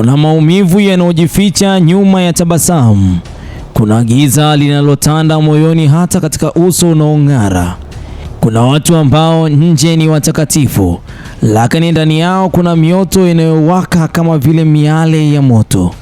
Kuna maumivu yanayojificha nyuma ya tabasamu. Kuna giza linalotanda moyoni hata katika uso unaong'ara. Kuna watu ambao nje ni watakatifu, lakini ndani yao kuna mioto inayowaka kama vile miale ya moto.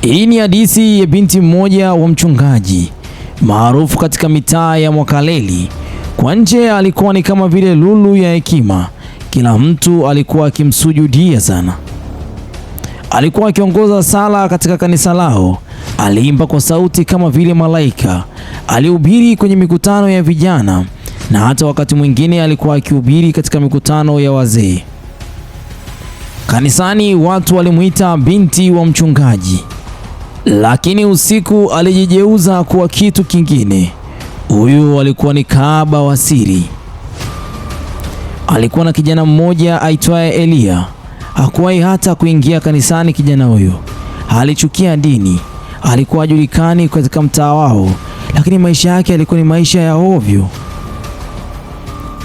Hii ni hadithi ya binti mmoja wa mchungaji maarufu katika mitaa ya Mwakaleli. Kwa nje alikuwa ni kama vile lulu ya hekima, kila mtu alikuwa akimsujudia sana alikuwa akiongoza sala katika kanisa lao. Aliimba kwa sauti kama vile malaika, alihubiri kwenye mikutano ya vijana, na hata wakati mwingine alikuwa akihubiri katika mikutano ya wazee. Kanisani watu walimwita binti wa mchungaji, lakini usiku alijijeuza kuwa kitu kingine. Huyu alikuwa ni kahaba wa siri. Alikuwa na kijana mmoja aitwaye Eliya Hakuwahi hata kuingia kanisani. Kijana huyo alichukia dini, alikuwa ajulikani katika mtaa wao, lakini maisha yake yalikuwa ni maisha ya ovyo.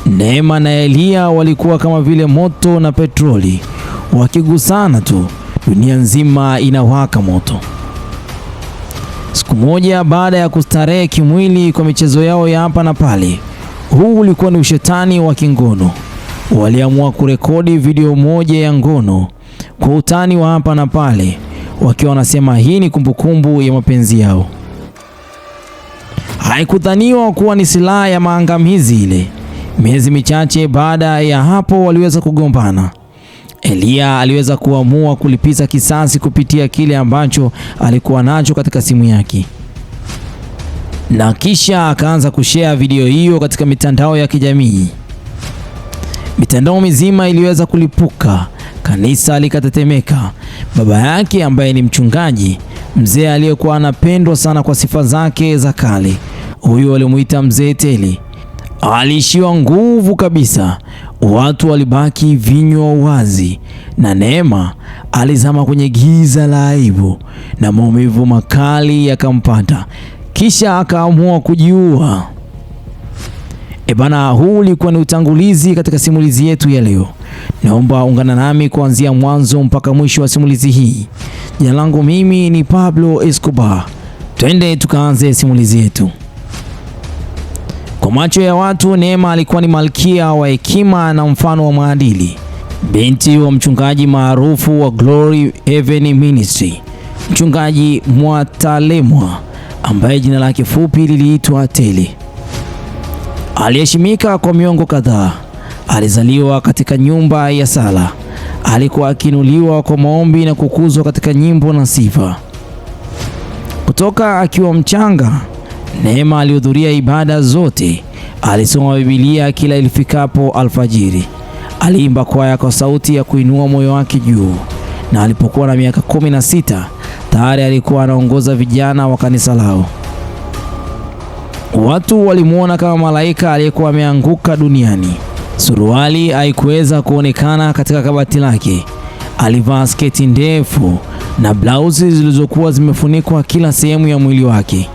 Neema na Eliya walikuwa kama vile moto na petroli, wakigusana tu dunia nzima inawaka moto. Siku moja baada ya kustarehe kimwili kwa michezo yao ya hapa na pale, huu ulikuwa ni ushetani wa kingono waliamua kurekodi video moja ya ngono kwa utani wa hapa na pale, wakiwa wanasema hii ni kumbukumbu ya mapenzi yao. Haikudhaniwa kuwa ni silaha ya maangamizi ile. Miezi michache baada ya hapo, waliweza kugombana. Eliya aliweza kuamua kulipiza kisasi kupitia kile ambacho alikuwa nacho katika simu yake, na kisha akaanza kushea video hiyo katika mitandao ya kijamii mitandao mizima iliweza kulipuka, kanisa likatetemeka. Baba yake ambaye ni mchungaji mzee aliyekuwa anapendwa sana kwa sifa zake za kale, huyu walimuita mzee Teli, aliishiwa nguvu kabisa. Watu walibaki vinywa wazi, na Neema alizama kwenye giza la aibu, na maumivu makali yakampata, kisha akaamua kujiua. E bana, huu ulikuwa ni utangulizi katika simulizi yetu ya leo. Naomba ungana nami kuanzia mwanzo mpaka mwisho wa simulizi hii. Jina langu mimi ni Pablo Escobar. Twende tukaanze simulizi yetu. Kwa macho ya watu, Neema alikuwa ni malkia wa hekima na mfano wa maadili, binti wa mchungaji maarufu wa Glory Heaven Ministry, mchungaji Mwatalemwa ambaye jina lake fupi liliitwa Tele aliheshimika kwa miongo kadhaa. Alizaliwa katika nyumba ya sala, alikuwa akiinuliwa kwa maombi na kukuzwa katika nyimbo na sifa. Kutoka akiwa mchanga, Neema alihudhuria ibada zote, alisoma Biblia kila ilifikapo alfajiri, aliimba kwaya kwa sauti ya kuinua moyo wake juu, na alipokuwa na miaka kumi na sita tayari alikuwa anaongoza vijana wa kanisa lao. Watu walimwona kama malaika aliyekuwa ameanguka duniani. Suruali haikuweza kuonekana katika kabati lake. Alivaa sketi ndefu na blausi zilizokuwa zimefunikwa kila sehemu ya mwili wake,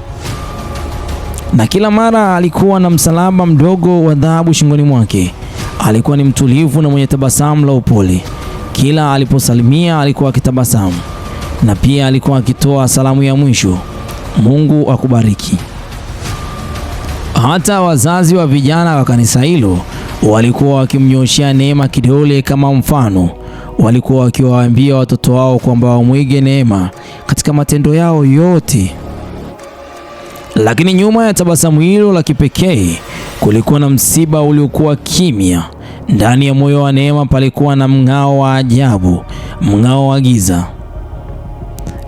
na kila mara alikuwa na msalaba mdogo wa dhahabu shingoni mwake. Alikuwa ni mtulivu na mwenye tabasamu la upole. Kila aliposalimia alikuwa akitabasamu, na pia alikuwa akitoa salamu ya mwisho, Mungu akubariki. Hata wazazi wa vijana wa kanisa hilo walikuwa wakimnyoshea Neema kidole kama mfano. Walikuwa wakiwaambia watoto wao kwamba wamwige Neema katika matendo yao yote. Lakini nyuma ya tabasamu hilo la kipekee kulikuwa na msiba uliokuwa kimya. Ndani ya moyo wa Neema palikuwa na mng'ao wa ajabu, mng'ao wa giza.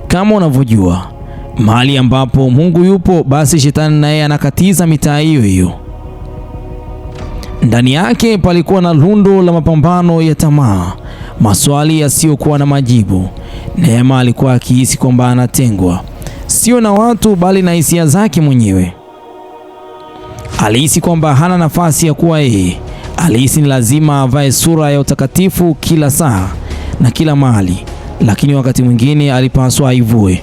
Kama unavyojua Mahali ambapo Mungu yupo, basi shetani naye anakatiza mitaa hiyo hiyo. Ndani yake palikuwa na lundo la mapambano ya tamaa, maswali yasiyokuwa na majibu. Neema alikuwa akihisi kwamba anatengwa, sio na watu, bali na hisia zake mwenyewe. Alihisi kwamba hana nafasi ya kuwa yeye. Alihisi ni lazima avae sura ya utakatifu kila saa na kila mahali, lakini wakati mwingine alipaswa aivue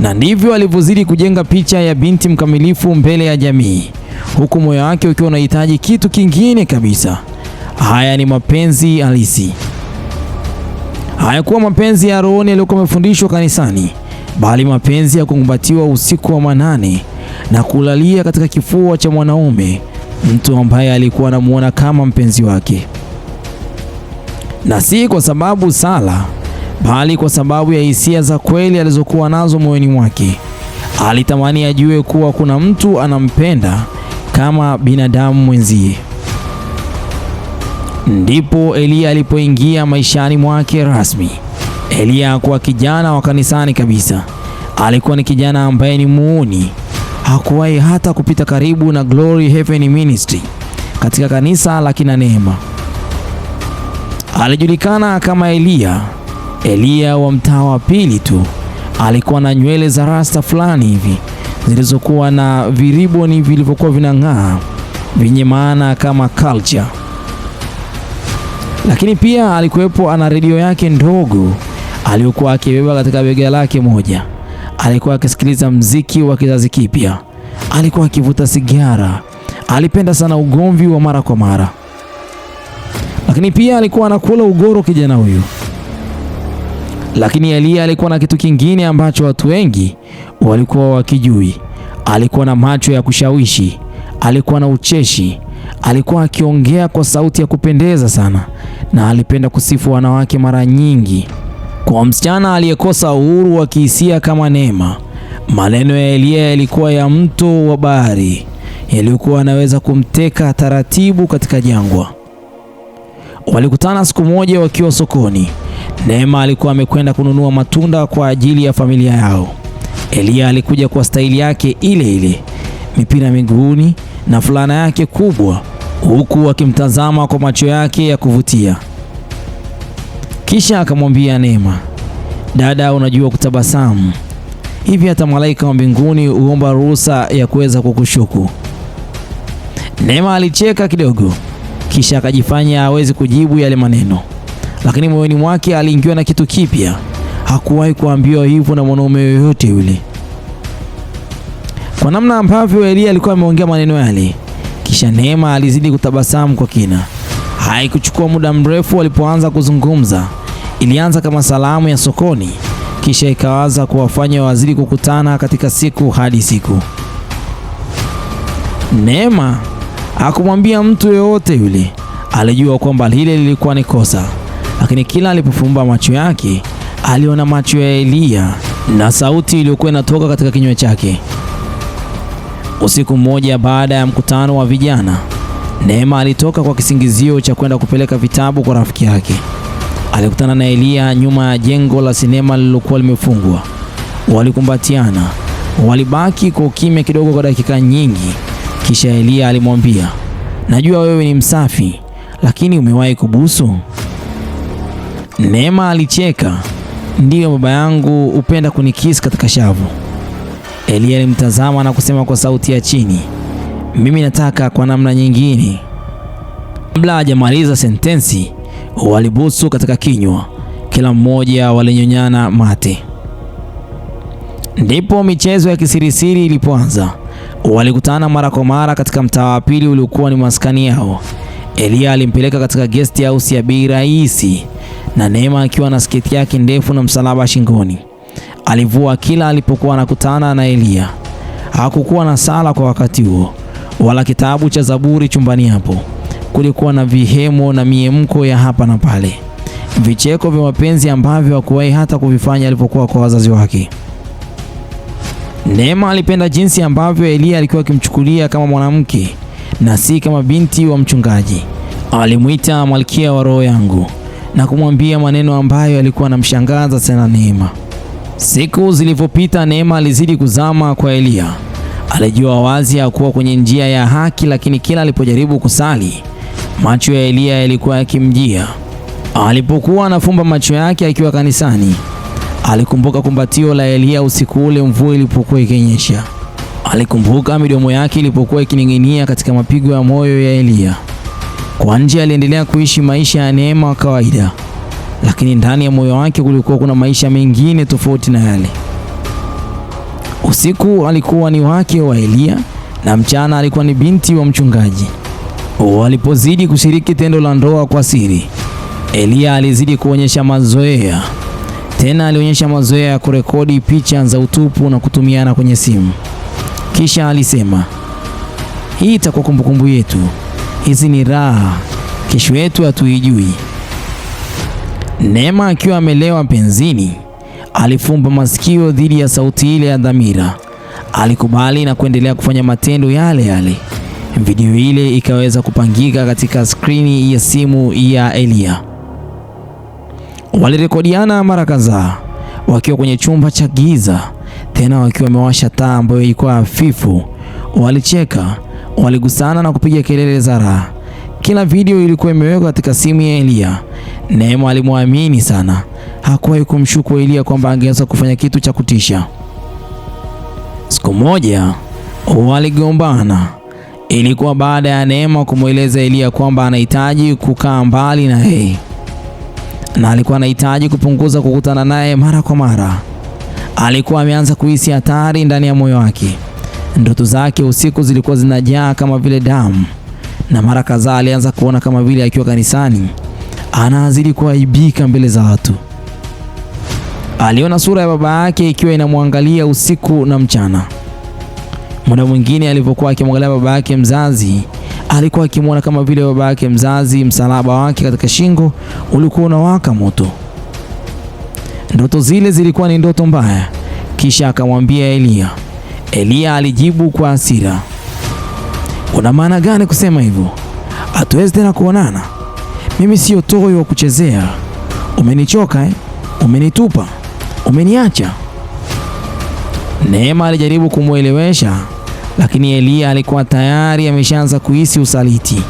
na ndivyo alivyozidi kujenga picha ya binti mkamilifu mbele ya jamii, huku moyo wake ukiwa unahitaji kitu kingine kabisa. Haya ni mapenzi halisi. Hayakuwa mapenzi ya rohoni yaliyokuwa amefundishwa kanisani, bali mapenzi ya kukumbatiwa usiku wa manane na kulalia katika kifua cha mwanaume, mtu ambaye alikuwa anamuona kama mpenzi wake, na si kwa sababu Sala bali kwa sababu ya hisia za kweli alizokuwa nazo moyoni mwake. Alitamani ajue kuwa kuna mtu anampenda kama binadamu mwenzie. Ndipo Eliya alipoingia maishani mwake rasmi. Eliya hakuwa kijana wa kanisani kabisa. Alikuwa ni kijana ambaye ni muuni, hakuwahi hata kupita karibu na Glory Heaven Ministry katika kanisa la kina Neema. Alijulikana kama Eliya Eliya wa mtaa wa pili tu alikuwa na nywele za rasta fulani hivi zilizokuwa na viriboni vilivyokuwa vinang'aa vyenye maana kama culture. Lakini pia alikuwepo ana redio yake ndogo aliyokuwa akibeba katika bega lake moja. Alikuwa akisikiliza mziki wa kizazi kipya, alikuwa akivuta sigara, alipenda sana ugomvi wa mara kwa mara, lakini pia alikuwa anakula ugoro kijana huyu. Lakini Eliya alikuwa na kitu kingine ambacho watu wengi walikuwa wakijui. Alikuwa na macho ya kushawishi, alikuwa na ucheshi, alikuwa akiongea kwa sauti ya kupendeza sana, na alipenda kusifu wanawake mara nyingi. Kwa msichana aliyekosa uhuru wa kihisia kama Neema, maneno ya Eliya yalikuwa ya mto wa bahari yaliyokuwa anaweza kumteka taratibu katika jangwa. Walikutana siku moja wakiwa sokoni. Neema alikuwa amekwenda kununua matunda kwa ajili ya familia yao. Eliya alikuja kwa staili yake ile ile, mipira miguuni na fulana yake kubwa, huku akimtazama kwa macho yake ya kuvutia. Kisha akamwambia Neema, dada, unajua kutabasamu hivi, hata malaika wa mbinguni huomba ruhusa ya kuweza kukushuku. Neema alicheka kidogo, kisha akajifanya hawezi kujibu yale maneno lakini moyoni mwake aliingiwa na kitu kipya. Hakuwahi kuambiwa hivyo na mwanaume yoyote yule. Kwa namna ambavyo Eliya alikuwa ameongea maneno yale, kisha Neema alizidi kutabasamu kwa kina. Haikuchukua muda mrefu walipoanza kuzungumza. Ilianza kama salamu ya sokoni, kisha ikawaza kuwafanya wazidi kukutana katika siku hadi siku. Neema hakumwambia mtu yoyote yule, alijua kwamba lile lilikuwa ni kosa lakini kila alipofumba macho yake aliona macho ya Eliya na sauti iliyokuwa inatoka katika kinywa chake. Usiku mmoja baada ya mkutano wa vijana, Neema alitoka kwa kisingizio cha kwenda kupeleka vitabu kwa rafiki yake. Alikutana na Eliya nyuma ya jengo la sinema lililokuwa limefungwa. Walikumbatiana, walibaki kwa ukimya kidogo kwa dakika nyingi, kisha Eliya alimwambia, najua wewe ni msafi, lakini umewahi kubusu? Neema alicheka. Ndiyo baba yangu hupenda kunikisi katika shavu. Elia alimtazama na kusema kwa sauti ya chini, mimi nataka kwa namna nyingine. Kabla hajamaliza sentensi, walibusu katika kinywa, kila mmoja walinyonyana mate. Ndipo michezo ya kisirisiri ilipoanza. Walikutana mara kwa mara katika mtaa wa pili uliokuwa ni maskani yao. Elia alimpeleka katika guest house ya bei rahisi na Neema akiwa na sketi yake ndefu na msalaba shingoni. Alivua kila alipokuwa anakutana na Eliya. Hakukuwa na sala kwa wakati huo wala kitabu cha Zaburi chumbani hapo. Kulikuwa na vihemo na miemko ya hapa na pale, vicheko vya mapenzi ambavyo hakuwahi hata kuvifanya alipokuwa kwa wazazi wake. Neema alipenda jinsi ambavyo Eliya alikuwa akimchukulia kama mwanamke na si kama binti wa mchungaji. Alimwita malkia wa roho yangu, na kumwambia maneno ambayo yalikuwa anamshangaza sana Neema. Siku zilivyopita, Neema alizidi kuzama kwa Eliya. Alijua wazi hakuwa kwenye njia ya haki, lakini kila alipojaribu kusali, macho ya Eliya yalikuwa yakimjia. Alipokuwa anafumba macho yake akiwa kanisani, alikumbuka kumbatio la Eliya usiku ule mvua ilipokuwa ikinyesha. Alikumbuka midomo yake ilipokuwa ikining'inia katika mapigo ya moyo ya Eliya. Kwa nje aliendelea kuishi maisha ya neema wa kawaida, lakini ndani ya moyo wake kulikuwa kuna maisha mengine tofauti na yale. Usiku alikuwa ni wake wa Eliya na mchana alikuwa ni binti wa mchungaji. Walipozidi kushiriki tendo la ndoa kwa siri, Eliya alizidi kuonyesha mazoea. Tena alionyesha mazoea ya kurekodi picha za utupu na kutumiana kwenye simu. Kisha alisema, hii itakuwa kumbukumbu yetu hizi ni raha, kesho yetu hatuijui. Neema akiwa amelewa penzini, alifumba masikio dhidi ya sauti ile ya dhamira. Alikubali na kuendelea kufanya matendo yale yale. Video ile ikaweza kupangika katika skrini ya simu ya Elia. Walirekodiana mara kadhaa wakiwa kwenye chumba cha giza, tena wakiwa wamewasha taa ambayo ilikuwa hafifu. Walicheka Waligusana na kupiga kelele za raha. Kila video ilikuwa imewekwa katika simu ya Eliya. Neema alimwamini sana, hakuwahi kumshuku Eliya kwamba angeweza kufanya kitu cha kutisha. Siku moja waligombana. Ilikuwa baada ya Neema kumweleza Eliya kwamba anahitaji kukaa mbali na yeye na alikuwa anahitaji kupunguza kukutana naye mara kwa mara. Alikuwa ameanza kuhisi hatari ndani ya moyo wake. Ndoto zake usiku zilikuwa zinajaa kama vile damu, na mara kadhaa alianza kuona kama vile akiwa kanisani anazidi kuaibika mbele za watu. Aliona sura ya baba yake ikiwa inamwangalia usiku na mchana. Muda mwingine alipokuwa akimwangalia baba yake mzazi, alikuwa akimwona kama vile baba yake mzazi, msalaba wake katika shingo ulikuwa unawaka moto. Ndoto zile zilikuwa ni ndoto mbaya. Kisha akamwambia Eliya, Eliya alijibu kwa hasira, una maana gani kusema hivyo? Hatuwezi tena kuonana. Mimi siyo toyo wa kuchezea. Umenichoka eh? Umenitupa, umeniacha. Neema alijaribu kumwelewesha, lakini Eliya alikuwa tayari ameshaanza kuhisi usaliti.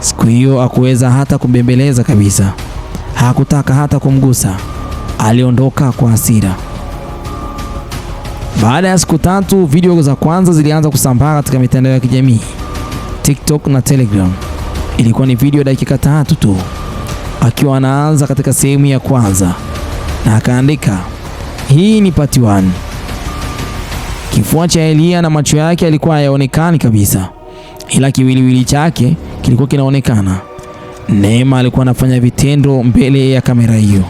Siku hiyo hakuweza hata kumbembeleza kabisa, hakutaka hata kumgusa. Aliondoka kwa hasira. Baada ya siku tatu, video za kwanza zilianza kusambaa katika mitandao ya kijamii TikTok na Telegram. Ilikuwa ni video dakika tatu tu, akiwa anaanza katika sehemu ya kwanza na akaandika, hii ni part 1. Kifua cha Elia na macho yake yalikuwa hayaonekani kabisa, ila kiwiliwili chake kilikuwa kinaonekana. Neema alikuwa anafanya vitendo mbele ya kamera hiyo.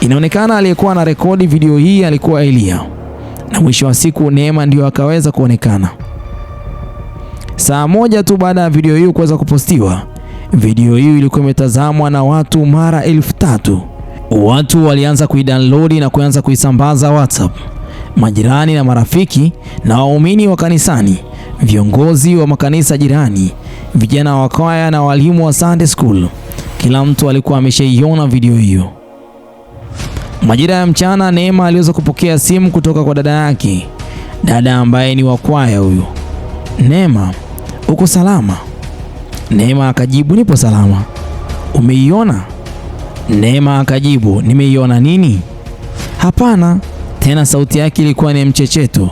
Inaonekana aliyekuwa na rekodi video hii alikuwa Elia, na mwisho wa siku Neema ndiyo akaweza kuonekana. Saa moja tu baada ya video hiyo kuweza kupostiwa, video hiyo ilikuwa imetazamwa na watu mara elfu tatu. Watu walianza kuidownload na kuanza kuisambaza WhatsApp, majirani na marafiki na waumini wa kanisani, viongozi wa makanisa jirani, vijana wa kwaya na walimu wa Sunday school. Kila mtu alikuwa ameshaiona video hiyo. Majira ya mchana, Neema aliweza kupokea simu kutoka kwa dada yake, dada ambaye ni wakwaya huyu. Neema, uko salama? Neema akajibu nipo salama. Umeiona? Neema akajibu nimeiona nini? Hapana. Tena sauti yake ilikuwa ni mchecheto.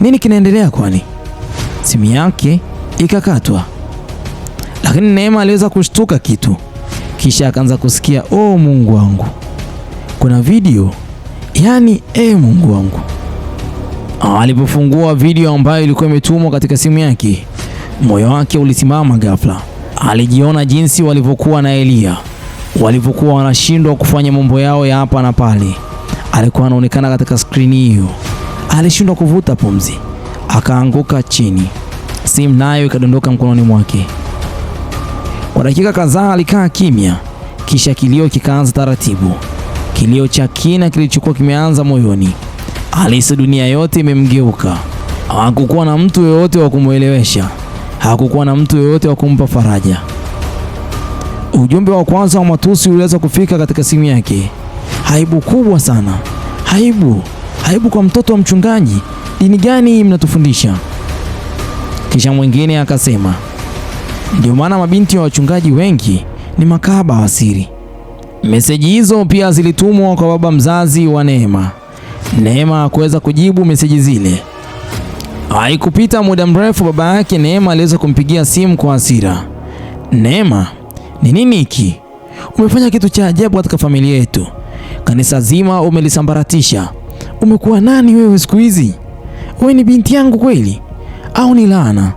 Nini kinaendelea kwani? Simu yake ikakatwa, lakini Neema aliweza kushtuka kitu, kisha akaanza kusikia, oh Mungu wangu kuna video yaani, e Mungu wangu. Alipofungua video ambayo ilikuwa imetumwa katika simu yake, moyo wake ulisimama ghafla. Alijiona jinsi walivyokuwa na Eliya, walivyokuwa wanashindwa kufanya mambo yao ya hapa na pale. Alikuwa anaonekana katika skrini hiyo. Alishindwa kuvuta pumzi, akaanguka chini, simu nayo ikadondoka mkononi mwake. Kwa dakika kadhaa alikaa kimya, kisha kilio kikaanza taratibu kilio cha kina kilichokuwa kimeanza moyoni. Alisi dunia yote imemgeuka. Hakukuwa na mtu yeyote wa kumwelewesha, hakukuwa na mtu yeyote wa kumpa faraja. Ujumbe wa kwanza wa matusi uliweza kufika katika simu yake. Aibu kubwa sana, aibu, aibu kwa mtoto wa mchungaji. Dini gani mnatufundisha? Kisha mwingine akasema, ndio maana mabinti wa wachungaji wengi ni makahaba wa siri. Meseji hizo pia zilitumwa kwa baba mzazi wa Neema. Neema kuweza kujibu meseji zile. Haikupita muda mrefu, baba yake Neema aliweza kumpigia simu kwa hasira. Neema, ni nini hiki? Umefanya kitu cha ajabu katika familia yetu, kanisa zima umelisambaratisha. Umekuwa nani wewe siku hizi? Wewe ni binti yangu kweli au ni laana?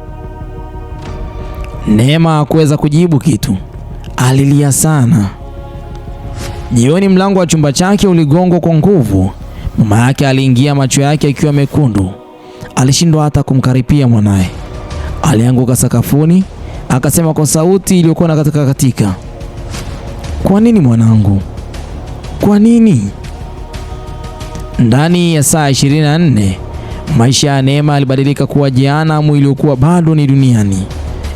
Neema hakuweza kujibu kitu, alilia sana. Jioni mlango wa chumba chake uligongwa kwa nguvu. Mama yake aliingia, macho yake akiwa mekundu. Alishindwa hata kumkaripia mwanaye. Alianguka sakafuni, akasema kwa sauti iliyokuwa na katika katika, kwa nini mwanangu, kwa nini? Ndani ya saa 24 maisha ya Neema alibadilika kuwa jehanamu iliyokuwa bado ni duniani.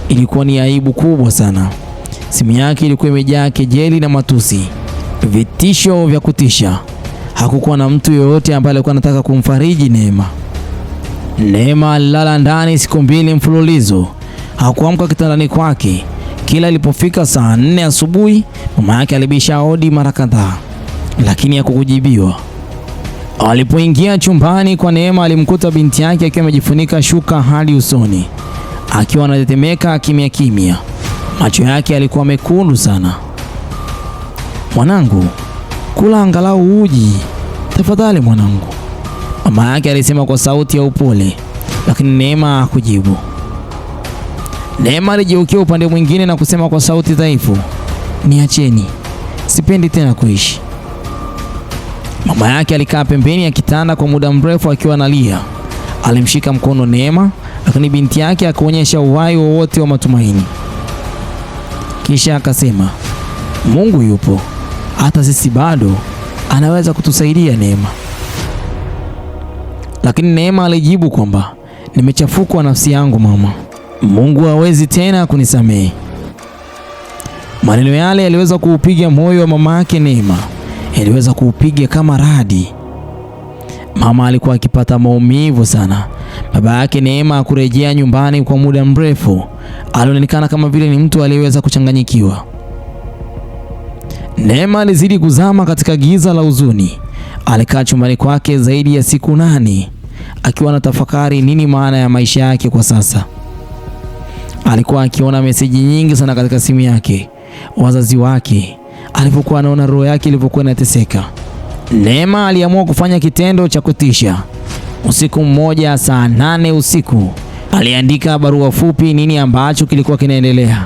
Ilikuwa ni aibu kubwa sana. Simu yake ilikuwa imejaa kejeli na matusi vitisho vya kutisha. Hakukuwa na mtu yeyote ambaye alikuwa anataka kumfariji Neema. Neema alilala ndani siku mbili mfululizo, hakuamka kitandani kwake. Kila ilipofika saa nne asubuhi, mama yake alibisha hodi mara kadhaa, lakini hakukujibiwa. Alipoingia chumbani kwa Neema, alimkuta binti yake akiwa amejifunika shuka hadi usoni, akiwa anatetemeka kimya kimya. Macho yake yalikuwa mekundu sana mwanangu, kula angalau uji tafadhali mwanangu, mama yake alisema kwa sauti ya upole, lakini Neema hakujibu. Neema aligeukia upande mwingine na kusema kwa sauti dhaifu, niacheni, sipendi tena kuishi. Mama yake alikaa pembeni ya kitanda kwa muda mrefu akiwa analia. Alimshika mkono Neema, lakini binti yake akaonyesha uhai wowote wa matumaini, kisha akasema, Mungu yupo hata sisi bado anaweza kutusaidia Neema. Lakini Neema alijibu kwamba nimechafukwa nafsi yangu mama, Mungu hawezi tena kunisamehe. Maneno yale yaliweza kuupiga moyo wa mama yake Neema, yaliweza kuupiga kama radi. Mama alikuwa akipata maumivu sana. Baba yake Neema hakurejea nyumbani kwa muda mrefu, alionekana kama vile ni mtu aliyeweza kuchanganyikiwa. Neema alizidi kuzama katika giza la huzuni. Alikaa chumbani kwake zaidi ya siku nane akiwa na tafakari nini maana ya maisha yake kwa sasa. Alikuwa akiona meseji nyingi sana katika simu yake, wazazi wake, alipokuwa anaona roho yake ilivyokuwa inateseka. Neema aliamua kufanya kitendo cha kutisha. Usiku mmoja saa nane usiku aliandika barua fupi nini ambacho kilikuwa kinaendelea.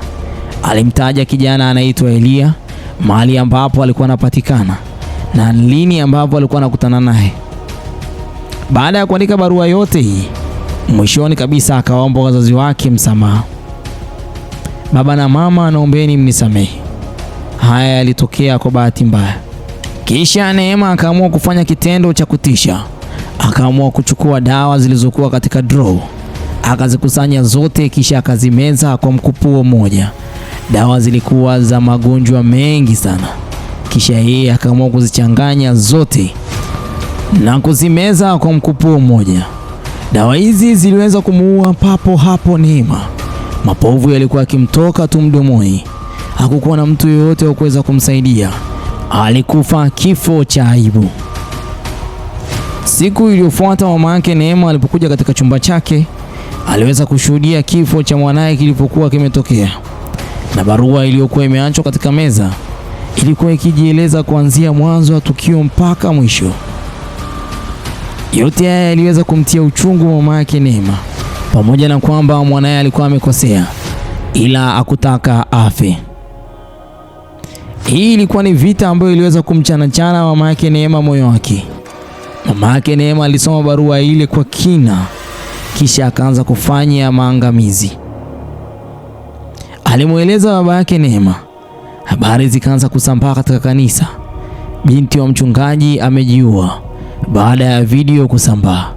Alimtaja kijana anaitwa Eliya mahali ambapo alikuwa anapatikana na lini ambapo alikuwa anakutana naye. Baada ya kuandika barua yote hii, mwishoni kabisa akawaomba wazazi wake msamaha. Baba na mama, naombeni mnisamehe, haya yalitokea kwa bahati mbaya. Kisha Neema akaamua kufanya kitendo cha kutisha. Akaamua kuchukua dawa zilizokuwa katika draw, akazikusanya zote, kisha akazimeza kwa mkupuo mmoja. Dawa zilikuwa za magonjwa mengi sana, kisha yeye akaamua kuzichanganya zote na kuzimeza kwa mkupuo mmoja. Dawa hizi ziliweza kumuua papo hapo Neema. Mapovu yalikuwa akimtoka tu mdomoni, hakukuwa na mtu yeyote wa kuweza kumsaidia. Alikufa kifo cha aibu. Siku iliyofuata mama yake Neema alipokuja katika chumba chake, aliweza kushuhudia kifo cha mwanaye kilipokuwa kimetokea na barua iliyokuwa imeachwa katika meza ilikuwa ikijieleza kuanzia mwanzo wa tukio mpaka mwisho. Yote haya yaliweza kumtia uchungu mama yake Neema, pamoja na kwamba mwanaye alikuwa amekosea, ila akutaka afe. Hii ilikuwa ni vita ambayo iliweza kumchanachana mama yake Neema moyo wake. Mama yake Neema alisoma barua ile kwa kina, kisha akaanza kufanya maangamizi. Alimweleza baba yake Neema. Habari zikaanza kusambaa katika kanisa, binti wa mchungaji amejiua, baada ya video kusambaa.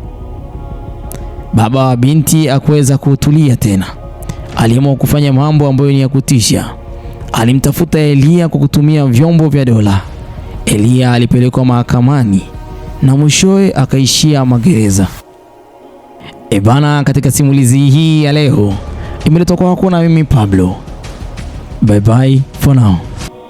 Baba wa binti hakuweza kutulia tena, aliamua kufanya mambo ambayo ni ya kutisha. Alimtafuta Eliya kwa kutumia vyombo vya dola. Eliya alipelekwa mahakamani na mwishowe akaishia magereza. Ebana, katika simulizi hii ya leo imeletwa kwako na mimi Pablo. Bye bye for now.